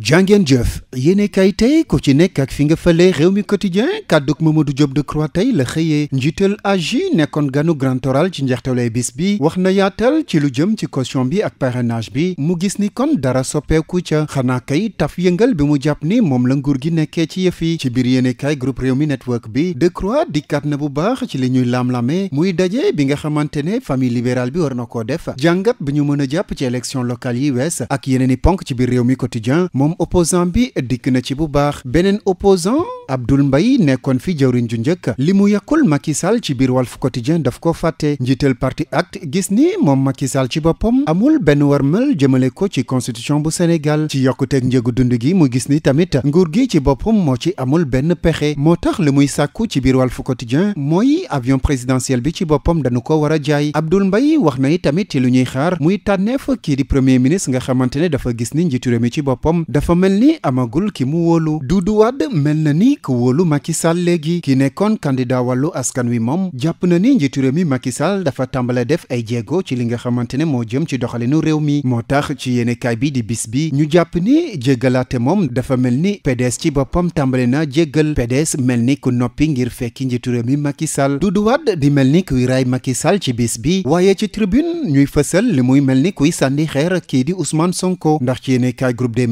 jàngeen jëf yéene kay tey ku ci nekk ak fi nga fële réew mi quotidien kàdduk Mamadou Diop Decroix tey la xëyee njiital agi nekkoon ganu grand oral ci njeextalee bis bi wax na yaatal ci lu jëm ci caution bi ak parrainage bi mu gis ni kon dara soppeeku ca xanaa kay taf yëngal bi mu jàpp ni moom la nguur gi nekkee ci yëf ci biir yéene kay groupe réew mi network bi Decroix dikkaat na bu baax ci li ñuy lam-lame muy daje bi nga xamante ne famille libérale bi war na koo def jàngat bi ñu mën a jàpp ci élection locale yi wees ak yeneen i ponk ci biir réew mi quotidien moom opposant bi dikk na ci bu baax beneen opposant Abdoul mbay nekkoon fi jëwriñ ju njëkk li mu yàkkul Macky Sall ci biir Walf Quotidien daf ko fàtte njiital parti ACT gis ni moom Macky Sall ci boppam amul benn war warmal jëmale ko ci constitution bu Sénégal ci yokkuteeg njëgu dund gi mu gis ni tamit nguur gi ci boppam moo ci amul benn pexe moo tax li muy sàkku ci biir Walf Quotidien mooy avion présidentiel bi ci boppam danu ko war a jaay Abdoul Mbaye wax na tamit ci lu ñuy xaar muy tànneef kii di premier ministre nga xamante ne dafa gis ni njiitu mi ci boppam dafa mel ni amagul ki mu wóolu Doudou Wade mel na ni politique wóolu Macky Sall léegi ki nekkoon candidat wàllu askan wi moom jàpp na ni njiitu réew mi Macky Sall dafa tàmbale def ay jéego ci li nga xamante ne moo jëm ci doxalinu réew mi moo tax ci yéenekaay bi di biis bi ñu jàpp ni jéggalaate moom dafa mel ni PDS ci boppam tàmbale na jéggal PDS mel ni ku noppi ngir fekki njiitu réew mi Macky Sall Doudou Wade di mel ni kuy raay Macky Sall ci bis bi waaye ci tribune ñuy fësal li muy mel ni kuy sànni xeer kii di Ousmane ndax ci yéenekaay groupe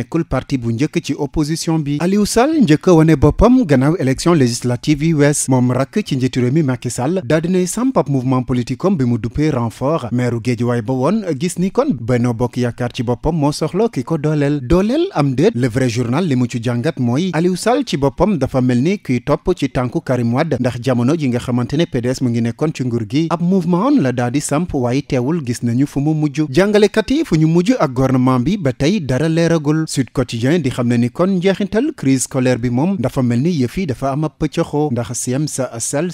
nekkul parti bu njëkk ci opposition bi Aliou Sall njëkk a wane boppam gannaaw élection législative yi wees moom rakk ci njiitu réew mi Macky Sall daa dinay samp ab mouvement politique am bi mu duppee renfort meeru Géejawaay ba woon gis ni kon Benno Bokk Yaakaar ci boppam moo soxla ki ko dooleel dooleel am déet le vrai journal li mu ci jàngat mooy Aliou Sall ci boppam dafa mel ni kuy topp ci tànku Karim Wade ndax jamono ji nga xamante ne PDS mu ngi nekkoon ci nguur gi ab mouvement la daa di samp waaye teewul mu mujj jàngalekat yi fu ñu mujj ak Sud Quotidien di xam ne ni kon njeexintal crise scolaire bi moom dafa mel ni yëf yi dafa am ab pëccëxoo ndax CIEMS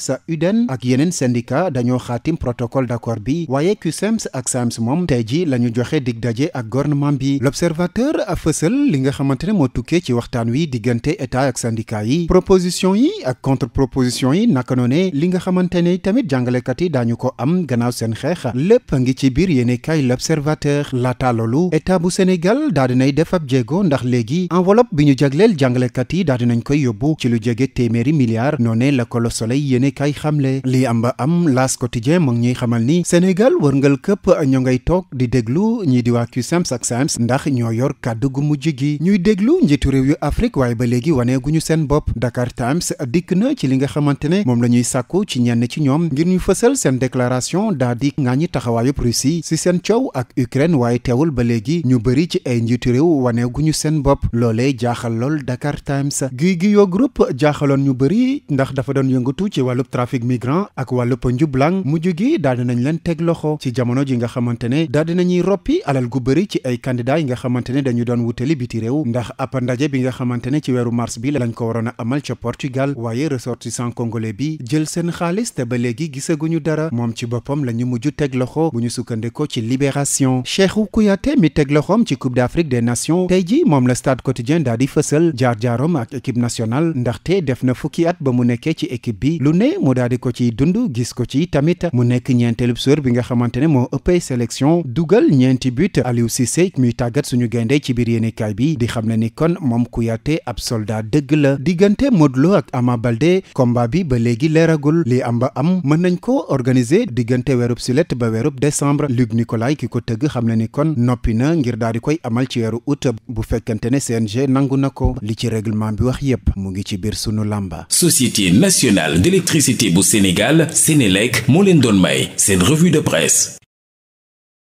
sa UDEN ak yeneen syndicat dañoo xaatim protocole d'accord bi waaye CUSEMS ak SAEMS moom tey ji la ñu joxe dig daje ak gouvernement bi l'observateur fësal li nga xamante ne moo tukkee ci waxtaan wi diggante état ak syndicat yi proposition yi ak contre proposition yi naka noone li nga xamante ne tamit jàngalekat yi daañu ko am gannaaw seen xeex lépp ngi ci biir yéene kay l'observateur laata état bu Sénégal jéego ndax léegi enveloppe bi ñu jagleel jàngalekat yi daal dinañ koy yóbbu ci lu jege téeméeri milliards noone ne la ko Le Soleil yéene kay xamle lii am ba am L'As Quotidien mu ñuy xamal ni Sénégal wërngal këpp ñoo ngay toog di déglu ñii di waa CUSEMS ak SAEMS ndax ñoo yor kàddu gu mujj gi ñuy déglu njiitu réew yu Afrique waaye ba léegi waneeguñu seen bopp Dakar Times dikk na ci li nga xamante ne moom la ñuy sàkku ci ñenn ci ñoom ngir ñu fësal seen déclaration daal di ŋàññi taxawaayub Russie si seen coow ak Ukraine waaye teewul ba léegi ñu bëri ci ñu seen bopp loolee jaaxal lool Dakar Times Guy Guyo Group jaaxaloon ñu bëri ndax dafa doon yëngatu ci wàllu trafic migrant ak wàllub njublang mujj gi daal dinañ leen teg loxo ci jamono ji nga xamante ne daal dinañuy roppi alal gu bëri ci ay candidats yi nga xamante ne dañu doon wutali biti réew ndax ab ndaje bi nga xamante ne ci weeru mars bi lañ ko waroon a amal ca Portugal waaye ressortissant congolais bi jël seen xaalis te ba léegi gisaguñu dara moom ci boppam la ñu mujj teg loxo ñu sukkandikoo ci libération Cheikhou Kouyaté mi teg loxoom ci Coupe d'Afrique ji moom la stade quotidien daal di fësal jaar-jaarom ak équipe nationale ndaxte def na fukki at ba mu nekkee ci équipe bi lu ne mu daal di ko ciy dund gis ko ci tamit mu nekk ñeenteelu joueur bi nga xamante ne moo ëppee sélection dugal ñeenti but si Cissé muy tàggat suñu gaynde ci biir yéenekaay bi di xam ne ni kon moom Kouyaté ab soldaa dëgg la diggante Modou Lo ak Ama Baldé combat bi ba léegi leeragul li am ba am mën nañ ko organiser diggante weerub sulet ba weerub décembre Luc Nicolaï ki ko tëgg xam ne ni kon noppi na ngir daal di koy amal ci weeru août bu fekkente ne CNG nangu na ko li ci règlement bi wax yépp mu ngi ci biir sunu làmba société nationale d'électricité bu Sénégal Sénélec moo leen doon may seen revue de presse